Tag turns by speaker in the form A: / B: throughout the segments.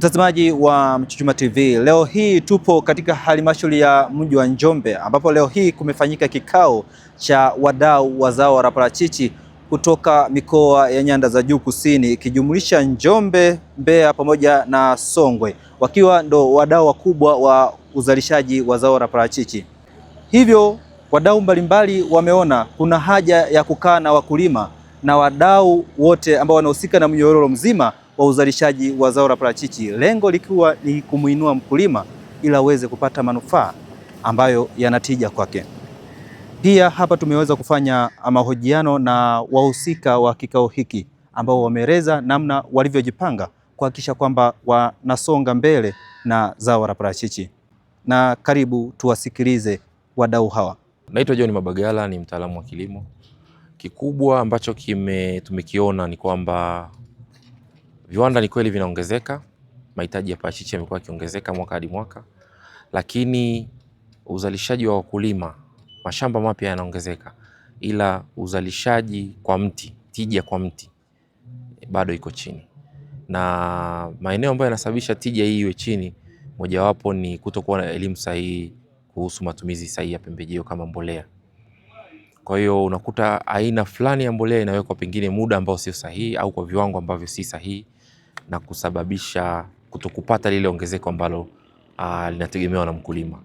A: Mtazamaji wa Mchuchuma TV, leo hii tupo katika halmashauri ya mji wa Njombe ambapo leo hii kumefanyika kikao cha wadau wa zao la parachichi kutoka mikoa ya nyanda za juu kusini ikijumlisha Njombe, Mbeya pamoja na Songwe, wakiwa ndo wadau wakubwa wa uzalishaji wa zao la parachichi. Hivyo wadau mbalimbali wameona kuna haja ya kukaa na wakulima na wadau wote ambao wanahusika na mnyororo mzima wa uzalishaji wa zao la parachichi, lengo likiwa ni kumuinua mkulima ili aweze kupata manufaa ambayo yanatija kwake. Pia hapa tumeweza kufanya mahojiano na wahusika wa kikao hiki ambao wameeleza namna walivyojipanga kuhakikisha kwamba wanasonga mbele na zao la parachichi, na karibu tuwasikilize wadau hawa.
B: Naitwa John Mabagala, ni mtaalamu wa kilimo. Kikubwa ambacho kime tumekiona ni kwamba Viwanda ni kweli vinaongezeka, mahitaji ya parachichi yamekuwa yakiongezeka mwaka hadi mwaka, lakini uzalishaji wa wakulima, mashamba mapya yanaongezeka, ila uzalishaji kwa mti, tija kwa mti bado iko chini, na maeneo ambayo yanasababisha tija hii iwe chini, mojawapo ni kutokuwa na elimu sahihi kuhusu matumizi sahihi ya pembejeo kama mbolea. Kwa hiyo unakuta aina fulani ya mbolea inawekwa pengine muda ambao sio sahihi au kwa viwango ambavyo si sahihi na kusababisha kutokupata lile ongezeko ambalo uh, linategemewa na mkulima.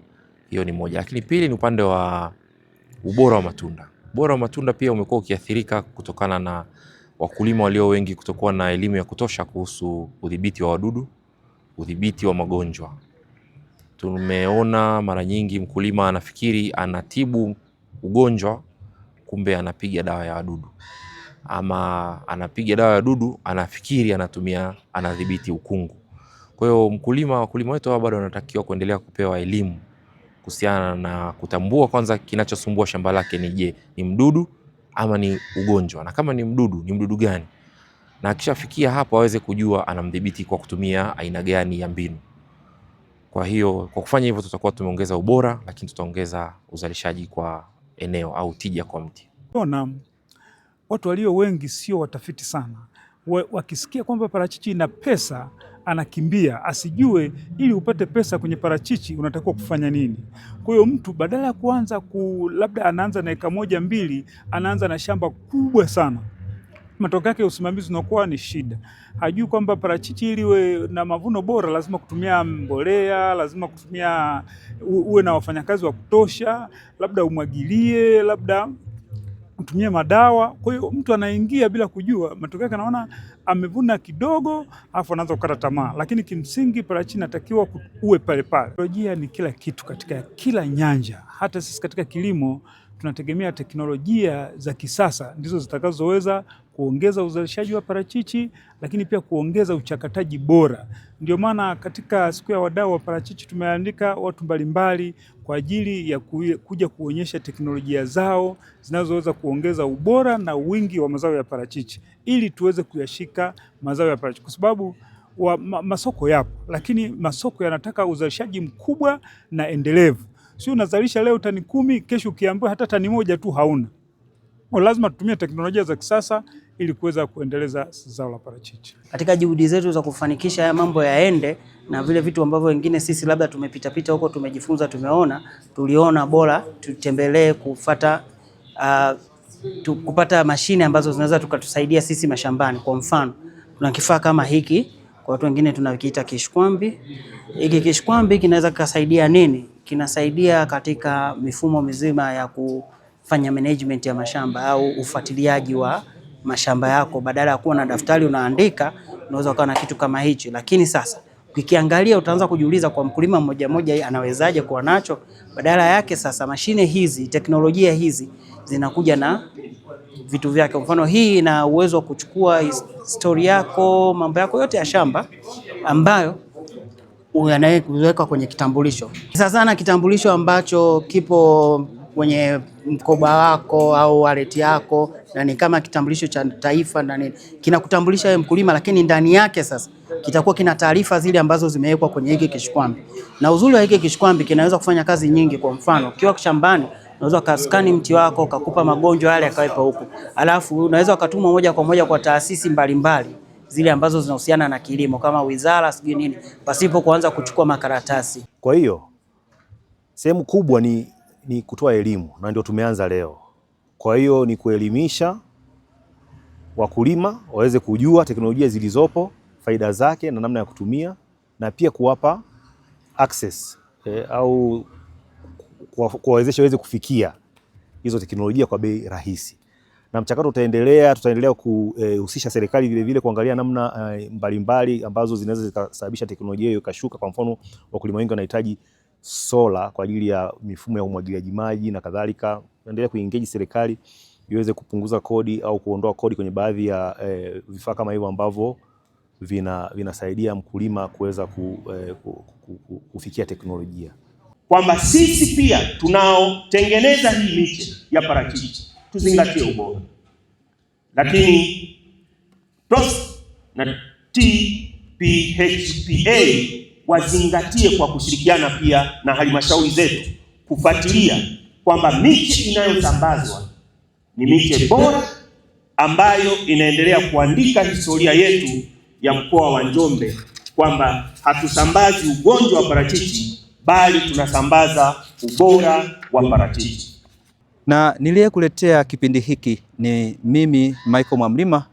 B: Hiyo ni moja, lakini pili ni upande wa ubora wa matunda. Ubora wa matunda pia umekuwa ukiathirika kutokana na wakulima walio wengi kutokuwa na elimu ya kutosha kuhusu udhibiti wa wadudu, udhibiti wa magonjwa. Tumeona mara nyingi mkulima anafikiri anatibu ugonjwa, kumbe anapiga dawa ya wadudu ama anapiga dawa ya dudu, anafikiri anatumia, anadhibiti ukungu. Kwa hiyo mkulima, wakulima wetu hawa bado wanatakiwa kuendelea kupewa elimu kuhusiana na kutambua kwanza kinachosumbua shamba lake ni je, ni mdudu ama ni ugonjwa, na kama ni mdudu ni mdudu gani, na akishafikia hapo aweze kujua anamdhibiti kwa kutumia aina gani ya mbinu. Kwa hiyo kwa kufanya hivyo tutakuwa tumeongeza ubora, lakini tutaongeza uzalishaji kwa eneo au tija kwa mti.
C: Naam watu walio wengi sio watafiti sana, wakisikia kwamba parachichi ina pesa anakimbia asijue, ili upate pesa kwenye parachichi unatakiwa kufanya nini. Kwa hiyo mtu badala ya kuanza ku labda anaanza na eka moja mbili, anaanza na shamba kubwa sana. Matokeo yake usimamizi unakuwa ni shida, hajui kwamba parachichi ili iwe na mavuno bora lazima kutumia mbolea, lazima kutumia uwe na wafanyakazi wa kutosha, labda umwagilie, labda kutumia madawa. Kwa hiyo mtu anaingia bila kujua, matokeo yake anaona amevuna kidogo, afu anaanza kukata tamaa. Lakini kimsingi parachichi inatakiwa uwe pale pale. Teknolojia ni kila kitu katika kila nyanja. Hata sisi katika kilimo tunategemea teknolojia za kisasa ndizo zitakazoweza kuongeza uzalishaji wa parachichi, lakini pia kuongeza uchakataji bora. Ndio maana katika siku ya wadau wa parachichi tumeandika watu mbalimbali kwa ajili ya kuja kuonyesha teknolojia zao zinazoweza kuongeza ubora na wingi wa mazao ya parachichi ili tuweze kuyashika mazao ya parachichi kwa sababu wa masoko yapo, lakini masoko yanataka uzalishaji mkubwa na endelevu. Sio unazalisha leo tani kumi, kesho ukiambiwa hata tani moja tu hauna. Lazima tutumie teknolojia za kisasa ili kuweza kuendeleza zao la parachichi.
D: Katika juhudi zetu za kufanikisha haya mambo yaende na vile vitu ambavyo wengine sisi labda tumepitapita huko tumejifunza, tumeona, tuliona bora tutembelee kufata uh, tu, kupata mashine ambazo zinaweza tukatusaidia sisi mashambani. Kwa mfano tuna kifaa kama hiki, kwa watu wengine tunakiita kishkwambi. Hiki kishkwambi kinaweza kikasaidia nini? Kinasaidia katika mifumo mizima ya kufanya management ya mashamba au ufuatiliaji wa mashamba yako, badala ya kuwa na daftari unaandika, unaweza ukawa na kitu kama hichi. Lakini sasa ukikiangalia, utaanza kujiuliza kwa mkulima mmoja mmoja anawezaje kuwa nacho? Badala yake sasa mashine hizi, teknolojia hizi zinakuja na vitu vyake. Mfano hii ina uwezo wa kuchukua historia yako, mambo yako yote ya shamba ambayo yanaweka kuweka kwenye kitambulisho. Sasa sana kitambulisho ambacho kipo kwenye mkoba wako au wallet yako, na ni kama kitambulisho cha taifa na nini, kinakutambulisha wewe mkulima, lakini ndani yake sasa kitakuwa kina taarifa zile ambazo zimewekwa kwenye hiki kishikwambi. Na uzuri wa hiki kishikwambi kinaweza kufanya kazi nyingi. Kwa mfano, ukiwa shambani unaweza kaskani mti wako kakupa magonjwa yale yakawepo huko, alafu unaweza ukatuma moja kwa moja kwa taasisi mbalimbali mbali zile ambazo zinahusiana na kilimo kama wizara sijui nini, pasipo kuanza kuchukua makaratasi.
B: Kwa hiyo sehemu kubwa ni ni kutoa elimu na ndio tumeanza leo. Kwa hiyo ni kuelimisha wakulima waweze kujua teknolojia zilizopo, faida zake na namna ya kutumia, na pia kuwapa access eh, au kuwawezesha waweze kufikia hizo teknolojia kwa bei rahisi. Na mchakato utaendelea, tutaendelea kuhusisha serikali vile vile kuangalia namna eh, mbalimbali eh, mbali, ambazo zinaweza zikasababisha teknolojia hiyo ikashuka. Kwa mfano wakulima wengi wanahitaji sola kwa ajili ya mifumo ya umwagiliaji maji na kadhalika. Endelea kuengage serikali iweze kupunguza kodi au kuondoa kodi kwenye baadhi ya e, vifaa kama hivyo ambavyo vina vinasaidia mkulima kuweza ku, e, ku, ku, ku, kufikia teknolojia,
E: kwamba sisi pia tunaotengeneza hii miche ya parachichi tuzingatie ubora, lakini TOS na TPHPA wazingatie kwa kushirikiana pia na halmashauri zetu kufuatilia kwamba miche inayosambazwa ni miche bora ambayo inaendelea kuandika historia yetu ya mkoa wa Njombe kwamba hatusambazi ugonjwa wa parachichi bali tunasambaza ubora wa parachichi.
F: Na niliyekuletea kipindi hiki ni mimi Michael Mwamlima.